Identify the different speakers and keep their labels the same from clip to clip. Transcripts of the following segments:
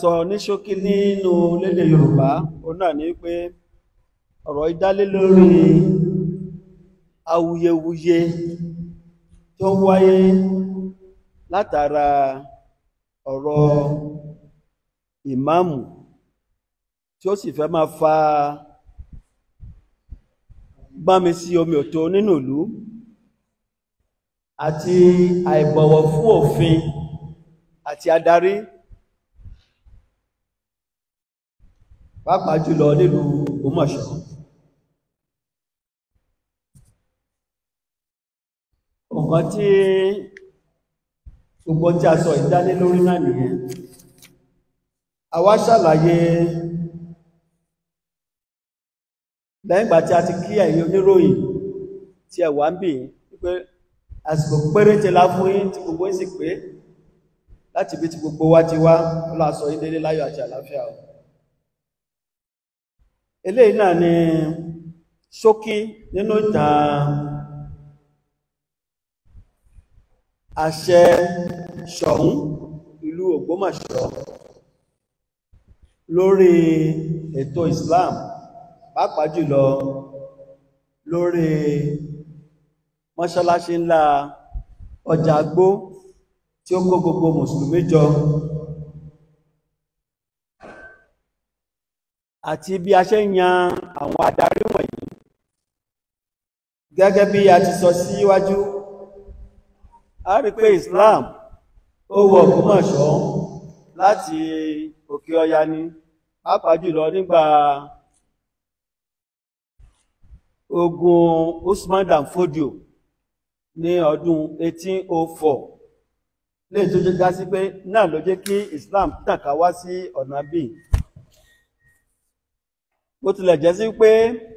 Speaker 1: sọ ní ṣókí nínú lédè Yorùbá ó náà ní pé ọ̀rọ̀ ìdálé lórí awuyewuye tó wáyé látara ọ̀rọ̀ ìmáàmù tí ó sì fẹ́ máa fa gbámi sí omi òtó nínú ìlú àti àìbọ̀wọ̀ fún òfin àti adarí pàápàá jùlọ nílùú Ògbómọ̀ṣọ́. nǹkan tí gbogbo tí a sọ ìdálé lórí náà nìyẹn a wá ṣàlàyé lẹ́yìn ìgbà tí a ti kí ẹ̀yin oníròyìn tí ẹ wà ń bì pé àsìkò péréte la fún yín tí gbogbo yín sì pé láti ibi tí gbogbo wa ti wá ó lọ sọ láyọ̀ àti àlàáfíà o eléyìí náà ni ṣókí nínú ìtàn àṣẹ ṣọ̀ún ìlú Ògbómọ̀ṣọ́ lórí ètò Islam pàápàá jùlọ lórí mọ́ṣáláṣí ńlá ọjà agbó tí ó kó gbogbo mùsùlùmí jọ àti bí a ṣe yan àwọn adarí wọ̀nyí gẹ́gẹ́ bí a ti sọ síwájú a rí pé Islam ó wọ Ògbómọ̀ṣọ́ láti òkè ọya ni pàápàá jùlọ nígbà ogun Usman dan ní ọdún 1804 lè tó jẹ́ já sí pé náà ló jẹ́ kí Islam tàn ká wá sí ọ̀nà bíi bó tilẹ̀ jẹ́ sí pé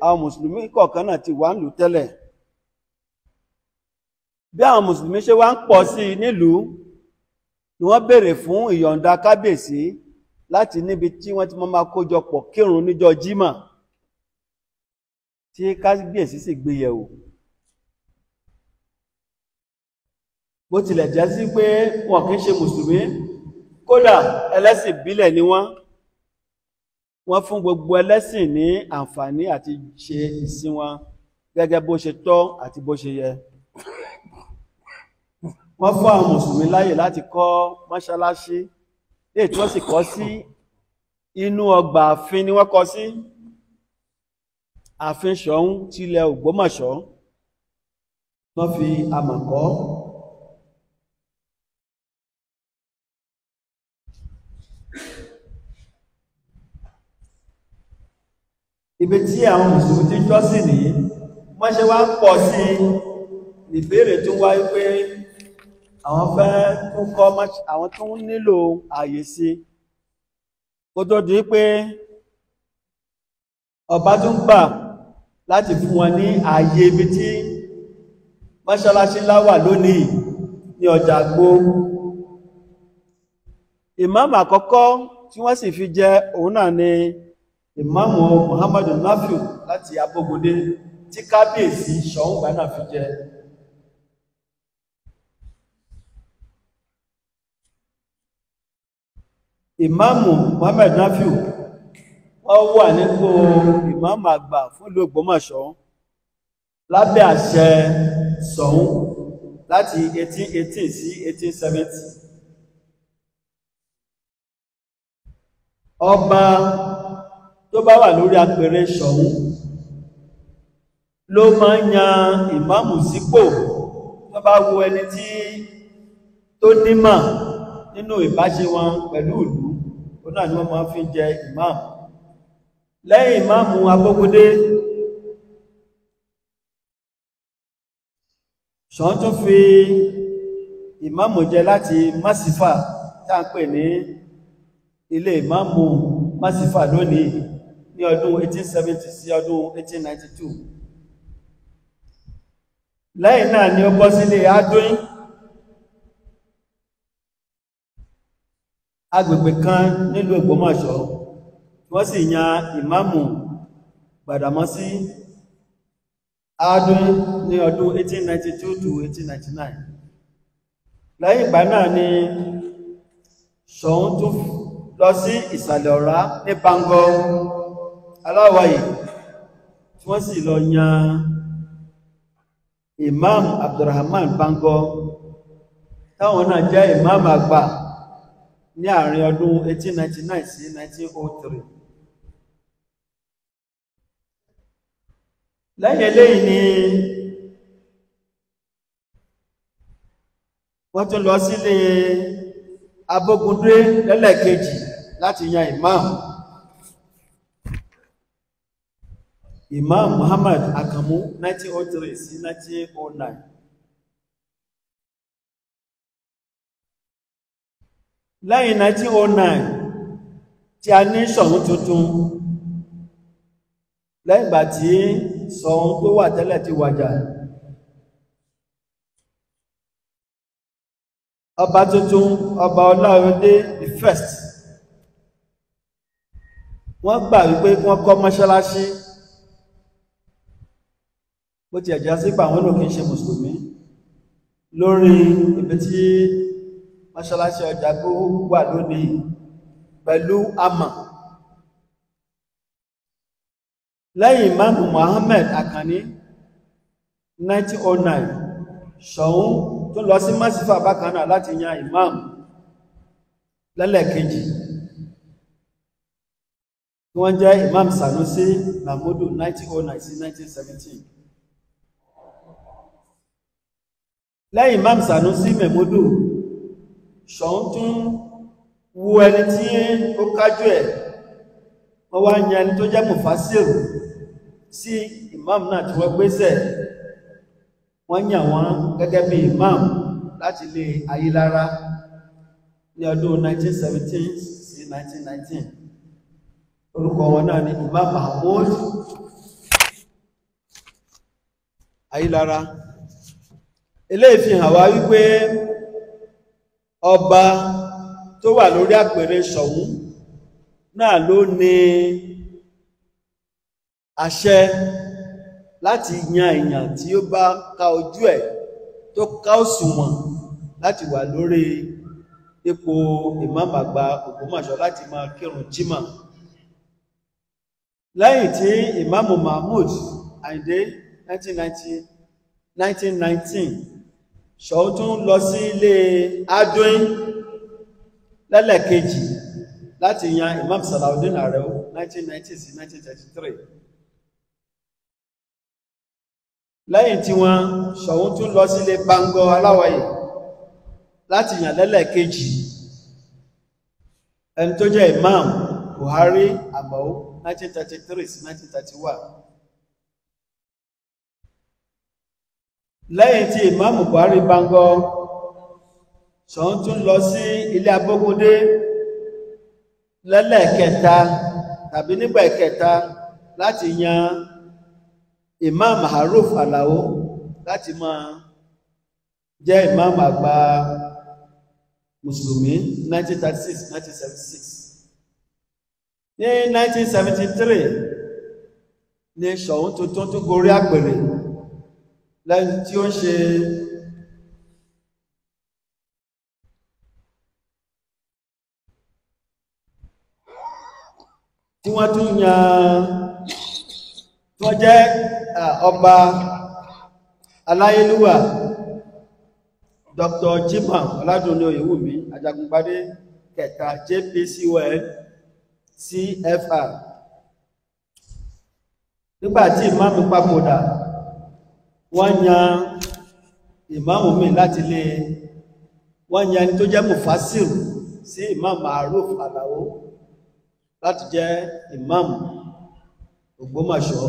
Speaker 1: àwọn mùsùlùmí kọ̀ọ̀kan náà ti wà ń lù tẹ́lẹ̀ bí àwọn mùsùlùmí ṣe wá ń pọ̀ sí i nílùú ni wọ́n béèrè fún ìyọ̀ǹda kábíyèsí láti níbi tí wọ́n ti mọ́ máa kójọpọ̀ kírun níjọ́ jímọ̀ tí kábíyèsí sì gbé yẹ̀wò bó tilẹ̀ jẹ́ sí pé wọn kì í ṣe mùsùlùmí kódà ẹlẹ́sìn ìbílẹ̀ ni wọ́n wọ́n fún gbogbo ẹlẹ́sìn ní àǹfààní àti ṣe ìsìn wọn gẹ́gẹ́ bó ṣe tọ́ àti bó ṣe yẹ wọ́n fún àwọn mùsùlùmí láyè láti kọ́ mọ́ṣáláṣí lè tí wọ́n sì kọ́ sí inú ọgbà àfin ni wọ́n kọ́ sí àfin ṣọ̀ún tilẹ̀ Ògbómọ̀ṣọ́ wọ́n fi àmàkọ́ ibi tí àwọn mùsùlùmí ti jọ́sìn nìyí wọ́n ṣe wá pọ̀ sí ìbéèrè tó wáyé pé àwọn fẹ́ tún kọ́ àwọn tó nílò àyè sí kó tó di pé ọba tún gbà láti fún wọn ní ààyè ibi tí mọ́ṣáláṣí láwà lónìí ní ọjà gbó ìmáàmù àkọ́kọ́ tí wọ́n sì fi jẹ òun náà ni ìmáàmù muhammadu nafiu láti abógundé tí kábíyèsí ṣọ̀ún gbaná fi jẹ ìmáàmù muhammadu nafiu wọ́n wà nípò ìmáàmù àgbà fún ìlú Ògbómọ̀ṣọ́ lábẹ́ àṣẹ ṣọ̀ún láti 1818 sí 1870 ọba tó bá wà lórí apẹ̀rẹ̀ ṣọ̀hún ló máa ń yan ìmáàmù sípò tó bá wo ẹni tí tó nímà nínú ìbáṣe wọn pẹ̀lú ìlú ó náà ni wọ́n máa fi jẹ ìmáàmù lẹ́yìn ìmáàmù abógúndé ṣọ́n tún fi ìmáàmù jẹ láti másífà tá à pè ní ilé ìmáàmù másífà lónìí ní ọdún 1870 sí ọdún 1892 lẹ́yìn náà ni ó bọ́ sílé adóyìn agbègbè kan nílùú Ògbómọ̀ṣọ́ wọ́n sì yan ìmáàmù sí adóyìn ní ọdún 1892 to 1899 lẹ́yìn ìgbà náà ni Ṣọ̀ún lọ sí ìsàlẹ̀ ọ̀rá ní Bangor aláwàyè tí wọ́n sì lọ yan imam abdulrahman bango táwọn náà jẹ́ imam àgbà ní àárín ọdún 1899 sí 1903 lẹ́yìn eléyìí ni wọ́n tún lọ sílé abógundé lẹ́lẹ́kejì láti yan imam. Imam Muhammad Akamu 1903 sí 1909. Lẹ́yìn 1909 tí a ní Ṣọ̀ún tuntun lẹ́yìn ìgbà tí Ṣọ̀ún tó wà tẹ́lẹ̀ ti wàjà. Ọba tuntun ọba Ọláoyọdé the first wọ́n gbà wípé wọ́n kọ́ mọ́ṣáláṣí bó ti ẹ̀já sí pa àwọn olókè ṣe mùsùlùmí lórí ibi tí mọ́ṣálásí ọjà tó wà lónìí pẹ̀lú àmà lẹ́yìn imáàmù Muhammad Akani, 1909 ṣọ̀ún tó lọ sí mọ́sífà bákanáà láti yan imáàmù lẹ́lẹ̀kejì tí wọ́n jẹ́ imam Sanusi Mahmudu 1909 sí 1917 lẹ́yìn Imam Sanusi Mẹ̀mọ́dù ṣọ̀ún tún wo ẹni tí ó kájú ẹ̀ wọ́n wá yan ẹni tó jẹ́ mufasiru sí imam náà tí wọ́n gbéṣẹ̀ wọ́n yàn wọ́n gẹ́gẹ́ bí imam láti lè Ayílára ní ọdún 1917 sí 1919 orúkọ wọn náà ni Imam Mahmood Ayílára eléyìí fi hàn wá wípé ọba tó wà lórí àpèrè Ṣọ̀ún náà ló ní àṣẹ láti yan èèyàn tí ó bá ka ojú ẹ̀ tó ká òṣùwọ̀n láti wà lórí ipò ìmáàmù Ògbómọ̀ṣọ́ láti máa kírun jímà lẹ́yìn tí ìmáàmù Mahmood Àyìndé 1919 ṣọ̀útún lọ sí ilé adúín lẹ́lẹ̀kejì láti yan Imam Salaudeen Areu 1990 sí 1933 lẹ́yìn tí wọ́n ṣọ̀útún lọ sí ilé Bango Aláwọ̀yè láti yàn lẹ́lẹ̀kejì ẹni tó jẹ́ Imam Buhari Àmọ́ 1933 sí 1931 lẹ́yìn tí ìmáàmù buhari bangọ ṣọ́n tún lọ sí ilé abógúndé lẹ́lẹ́ẹ̀kẹta tàbí nígbà ìkẹta láti yan ìmáàmù haruf aláwó láti máa
Speaker 2: jẹ́ ìmáàmù àgbà
Speaker 1: mùsùlùmí 1936-1976 ní 1973 ni ṣọ̀ún tuntun tó gorí àpèrè lẹ́yìn tí ó ń ṣe
Speaker 2: tí wọ́n tún yan
Speaker 1: tí wọ́n jẹ́ ọba aláyélúwà Dr. Jimoh Ọládùnní Oyèwùmí Ajagungbadé kẹta JPCON CFR nígbàtí ìmáàmù papòdà wọ́n yan ìmáàmù mi láti lé wọ́n yan ẹni tó jẹ́ mufasiru sí ìmáàmù Maruf Alao láti jẹ́ ìmáàmù Ògbómọ̀ṣọ́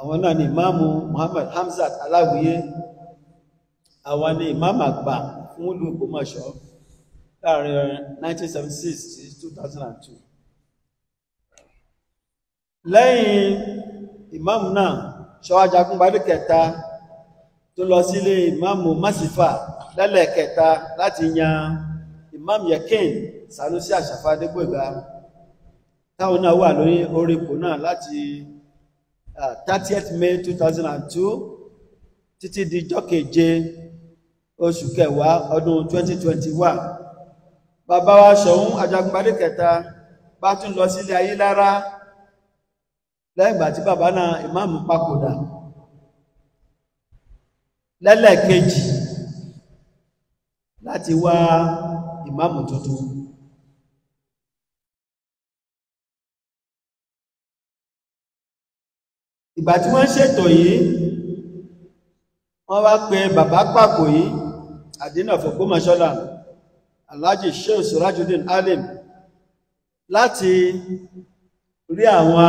Speaker 1: àwọn náà ni ìmáàmù Muhammad Hamzat Aláwìyé àwọn ni ìmáàmù àgbà fún ìlú Ògbómọ̀ṣọ́ láàrin 1976 sí 2002 lẹ́yìn ìmáàmù náà ṣọ́wájagunbadé kẹta tó lọ sílé ìmáàmù masifa lẹ́lẹ̀kẹta láti yan ìmáàmù yakin sanusi àṣàfà adégbòga táwọn náà wà lórí orípò náà láti 30th May 2002 títí di jọ́ keje oṣù kẹwàá ọdún 2021 bàbá wa ṣọ̀ún ajagunbadé kẹta bá tún lọ sílé ayé lára lẹ́gbà tí bàbá náà ìmáàmù papòdà lẹ́lẹ́kejì láti wá ìmáàmù tuntun ìgbà tí wọ́n ṣètò yìí wọ́n wá pe bàbá pàkó yìí àdínà fògbómọ̀ṣọ́lá Alhaji Sheikh Surajuddin Alim láti rí àwọn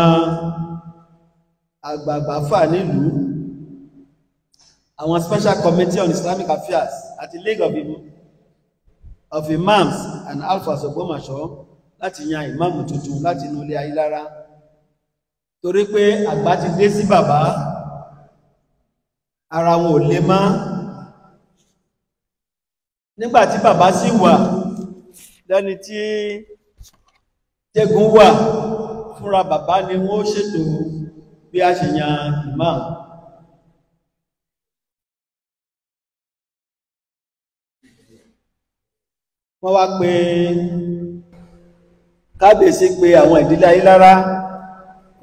Speaker 1: àgbààgbà fà nílùú àwọn special committee on islamic affairs àti league of, Im of imams and alfas Ògbómọ̀ṣọ́ láti yan ìmáàmù tuntun láti inú ilé Ayílára torí pé àgbà ti dé sí bàbá ara wọn ò lè má nígbàtí bàbá sì wà lẹ́ni tí jẹ́gun wà fúnra bàbá ni wọ́n ṣètò bí a ṣe yan imam wọ́n wá pé kábíyèsí pé àwọn ìdílé ayé lára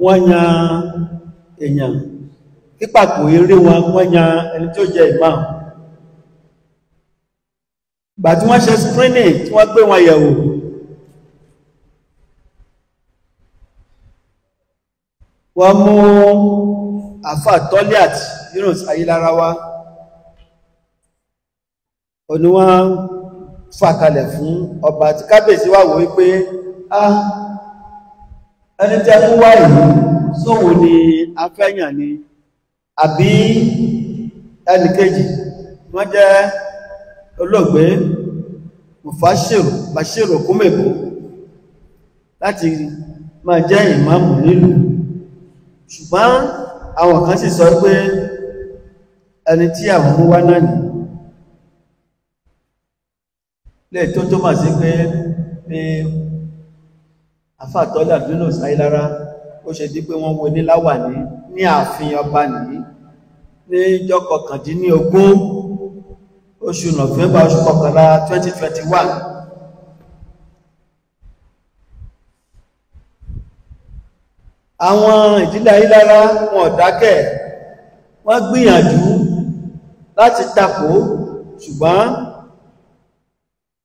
Speaker 1: wọ́n yan èèyàn pípàpò eré wọn wọ́n yan ẹni tí ó jẹ imam gbà tí wọ́n ṣe screening tí wọ́n gbé wọn yẹ̀wò wọ́n mú àfà tọ́líàt Yunus ayílára wá òní wọ́n fàkalẹ̀ fún ọba àti kábíyèsí wà wò wípé ah ẹni tẹ́ fún wá yìí sóhun ni afẹ́yàn ni àbí ẹnìkejì wọ́n jẹ́ olóògbé mufashiru bashiru kúmèkó láti máa jẹ́ ìmáàmù nílùú ṣùgbọ́n àwọn kan sì sọ pé ẹni tí àwọn mú wá náà nìí lẹ́ tó tó máa sí pé pé àfàtọ́lá dúnà sáyélára ó ṣe di pé wọ́n wo ní láwàní ní ààfin ọba nìyí ní ìjọ kọkàndínlógún oṣù nọ̀fẹ́mbà oṣù kọkànlá 2021 àwọn ìdílé ayílára wọn dákẹ́ wọ́n gbìyànjú láti takò ṣùgbọ́n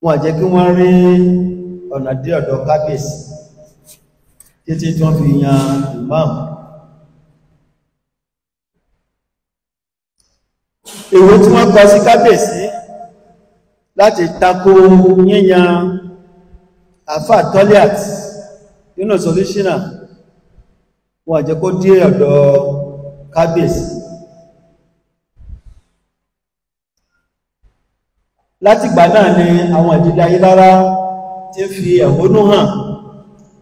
Speaker 1: wọ́n jẹ́ kí wọ́n rí ọ̀nà dé ọ̀dọ̀ kábíyèsí títí tí wọ́n fi yan imam èwo tí wọ́n kọ sí kábíyèsí láti takò yíyan àfà tọ́lẹ̀ àti yúnà solúṣínà you know, wọ́n jẹ́ kó dé ọ̀dọ̀ kábíyèsí látìgbà náà ni àwọn ìdílé Ayílára ti fi ẹ̀hónú hàn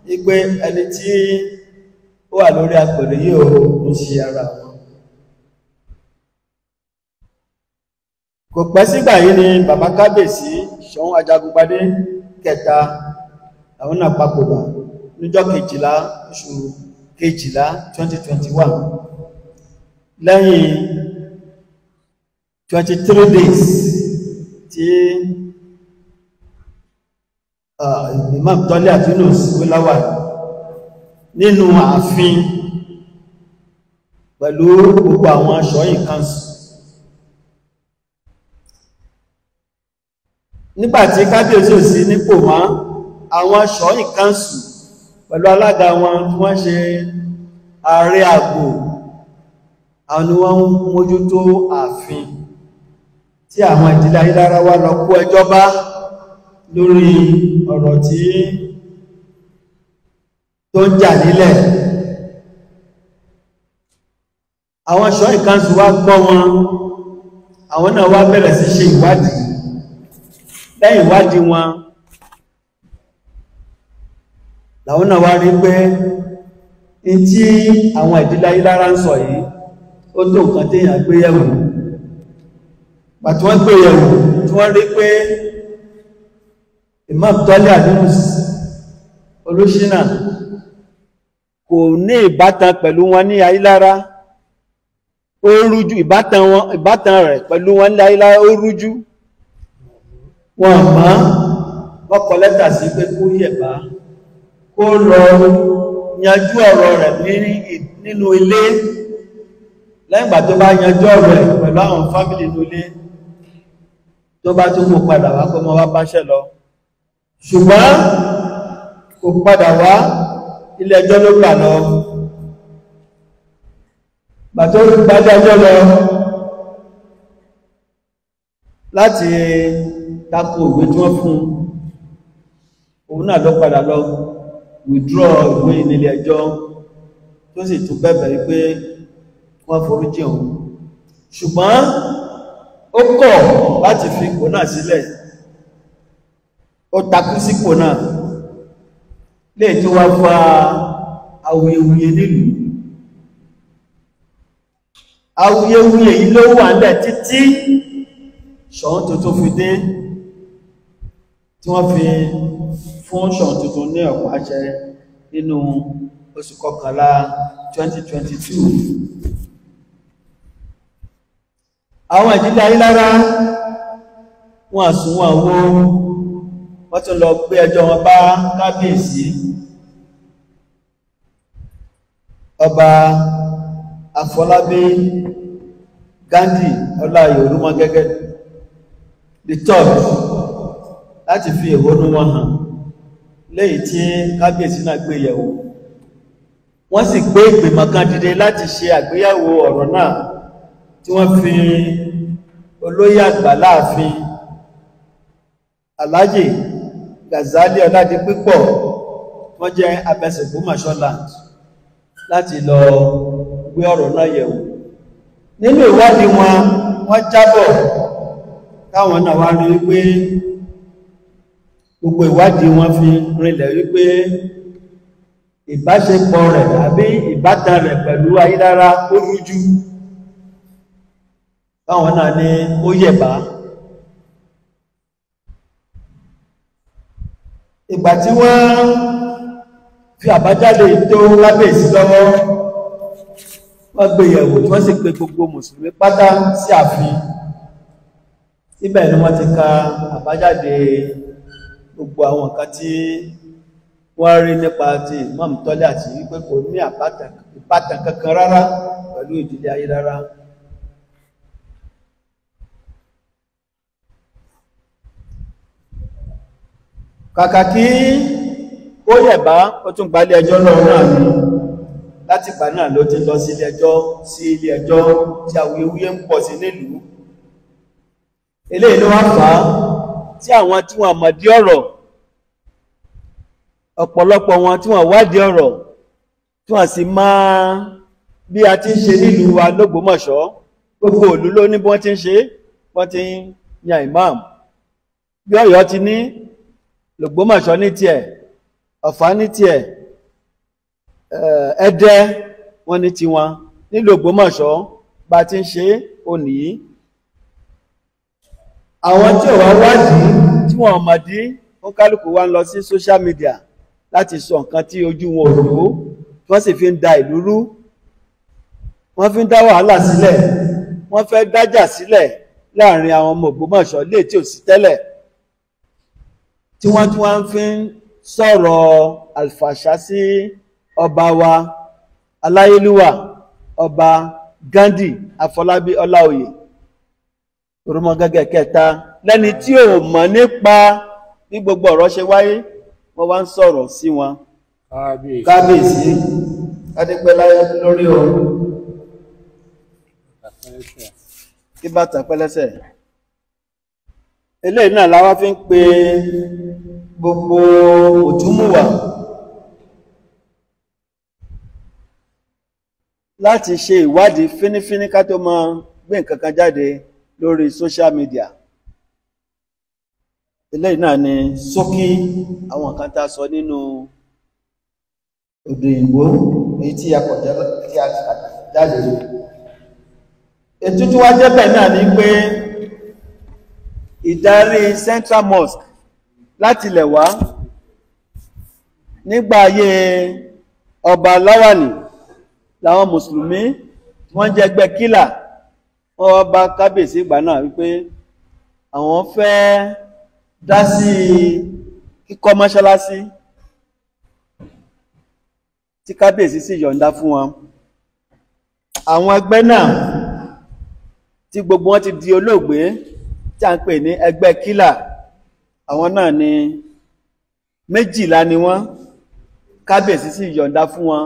Speaker 1: wípé ẹni tí ó wà lórí apẹ̀lú yìí ó ṣe ara wọn kò pẹ́ sígbà yìí ni bàbá kábíyèsí Ṣọ̀ún Ajagungbadé kẹta àwọn náà papòdà níjọ́ kejìlá oṣù kejìlá 2021 lẹ́yìn 23 days tí Imam Tọ́lé Àtúnus Wíláwà nínú ààfin pẹ̀lú gbogbo àwọn aṣọ yìí kanṣu nígbàtí kábíyèsí ò sí nípò mọ́ àwọn aṣọ yìí pẹ̀lú alága wọn tí wọ́n ṣe ààrẹ àgbò àwọn ni wọ́n ń mójútó ààfin tí àwọn ìdílé ayélára wá lọ kó ẹjọ́ bá lórí ọ̀rọ̀ tí tó ń jà nílẹ̀ àwọn ṣọ́ ìkánsù wá gbọ́ wọn àwọn náà wá bẹ̀rẹ̀ sí ṣe ìwádìí lẹ́yìn ìwádìí wọn làwọn náà wá rí pé in tí àwọn ìdílé ayélára ń sọ yìí ó tó nǹkan téèyàn gbé yẹ̀wò pàtí wọ́n gbé yẹ̀wò tí wọ́n rí pé Imam Tọ́lé Adunus Olúṣínà kò ní ìbátan pẹ̀lú wọn ní ayélára ó rújú ìbátan wọn ìbátan rẹ̀ pẹ̀lú wọn ní ayélára ó rújú wọn mọ́ wọ́n kọ lẹ́tà sí pé kó yẹ̀ bá kó lọ yanjú ọ̀rọ̀ rẹ̀ nínú ilé lẹ́gbà tó bá yanjú ọ̀rọ̀ rẹ̀ pẹ̀lú àwọn fámílì nínú ilé tó bá tó kò padà wá kó mọ́ wá báṣẹ́ lọ ṣùgbọ́n kò padà wá ilé ẹjọ́ ló gbà lọ bàtó gbájá ẹjọ́ lọ láti tako ìwé tí wọ́n fún òun náà lọ padà lọ withdraw ìwé nílé ẹjọ́ tó sì tún bẹ̀bẹ̀ wípé wọ́n foríjì òun ṣùgbọ́n ó kọ̀ láti fi ipò náà sílẹ̀ ó takú sípò náà lè tó wá fa awuyewuye nílùú awuyewuye yìí ló wà nílẹ̀ títí ṣọ̀hún tó tó fi dé tí wọ́n fi fúnṣọ̀n tuntun ní ọ̀pọ̀ àṣẹ nínú oṣù kọkànlá 2022
Speaker 2: àwọn ìdílé ayélára
Speaker 1: wọn àsùnwọ̀n owó wọ́n tún lọ gbé ẹjọ́ wọn bá kábíyèsí ọba Afọlábí Ghandi Ọláyọ̀ Ọ̀rúnmọ́gẹ́gẹ́ the third láti fi ìhónú wọn hàn lẹ́yìn tí kábíyèsí náà gbé yẹ̀wò wọ́n sì gbé ìgbìmọ̀ kan dìde láti ṣe àgbéyẹ̀wò ọ̀rọ̀ náà tí wọ́n fi olóyè àgbà láàfin Alhaji Gazali Ọládipípọ̀ wọ́n jẹ́ abẹsẹ̀kú masholand láti lọ gbé ọ̀rọ̀ náà yẹ̀wò nínú ìwádìí wọn wọ́n jábọ̀ táwọn náà wá rí wípé gbogbo ìwádìí wọn fi rinlẹ̀ wípé ìbáṣepọ̀ rẹ̀ àbí ìbátan rẹ̀ pẹ̀lú ayélára ó rújú báwọn náà ní ó yẹ̀bá ìgbà tí wọ́n fi àbájáde tó lábẹ́sí lọ́wọ́ wọ́n gbé yẹ̀wò tí wọ́n sì pe gbogbo mùsùlùmí pátá sí ààfin síbẹ̀ ni wọ́n ti ka àbájáde gbogbo àwọn nǹkan tí wọ́n rí nípa ti Imam Tọ́lá àti wípé kò ní ìbátan kankan rárá pẹ̀lú ìdílé ayé rárá kàkà kí ó yẹ̀ bá ó tún gbalẹ̀ ẹjọ́ náà náà ni láti gbà náà ló ti lọ sí ilé ẹjọ́ sí ilé ẹjọ́ tí àwuyewuye ń pọ̀ sí nílùú eléyìí ló wá fà á tí àwọn tí wọ́n mọ̀dí ọ̀rọ̀ ọ̀pọ̀lọpọ̀ wọn tí wọ́n wádìí ọ̀rọ̀ tí wọ́n sì máa bí a ti ń ṣe nílùú wa lógbòmọ̀ṣọ́ gbogbo òlú ló ní bí wọ́n ti ń ṣe wọ́n ti ń yan imam bí Ọ̀yọ́ ti ní lògbòmọ̀ṣọ́ ní tiẹ̀ Ọ̀fà ní tiẹ̀ eh, Ẹdẹ wọ́n ní tiwọn nílùú Ògbómọ̀ṣọ́ bá ti ń ṣe òní àwọn tí ò wá wádìí tí wọ́n mọ̀ dí wọ́n kálukú wá ń lọ sí social media láti sọ nǹkan tí ojú wọn ò lò wọ́n sì fi ń da ìlú rú wọ́n fi ń dá wàhálà sílẹ̀ wọ́n fẹ́ dájà sílẹ̀ láàrin àwọn ọmọ Ògbómọ̀ṣọ́ lè tí ò sí tẹ́lẹ̀ tí wọ́n tí wọ́n fi ń sọ̀rọ̀ àlfàṣà sí ọba wa aláyélúwà ọba Ghandi Afọlábí Ọláoyè orúmọ gẹ́gẹ́ kẹta lẹ́ni tí ò mọ̀ nípa bí gbogbo ọ̀rọ̀ ṣe wáyé wọ́n wá ń sọ̀rọ̀ sí wọn kábíyèsí adépẹ́ lórí ọ̀rọ̀ kí bàtà pẹ́lẹ́sẹ̀ eléyìí náà la fi ń pe gbogbo láti ṣe ìwádìí fínífíní ká tó gbé nǹkan kan jáde lórí social media eléyìí náà ni ṣókí àwọn kan tá a sọ nínú èdè ìgbò èyí tí a kọjá tí a jáde ètò tí wá jẹ́ bẹ́ẹ̀ náà ni pé ìdarí Central Mosque láti ilẹ̀ wá nígbà ayé ọba Láwàní làwọn mùsùlùmí wọ́n jẹ́ ẹgbẹ́ kílà wọ́n wá bá kábíyèsí ìgbà náà wípé àwọn fẹ́ dá sí kíkọ́ mọ́ṣáláṣí tí kábíyèsí sì yọ̀ǹda fún wọn àwọn ẹgbẹ́ náà tí gbogbo wọn ti di olóògbé tí a ń pè ní ẹgbẹ́ kílà àwọn náà ni méjìlá ni wọ́n kábíyèsí sì yọ̀ǹda fún wọn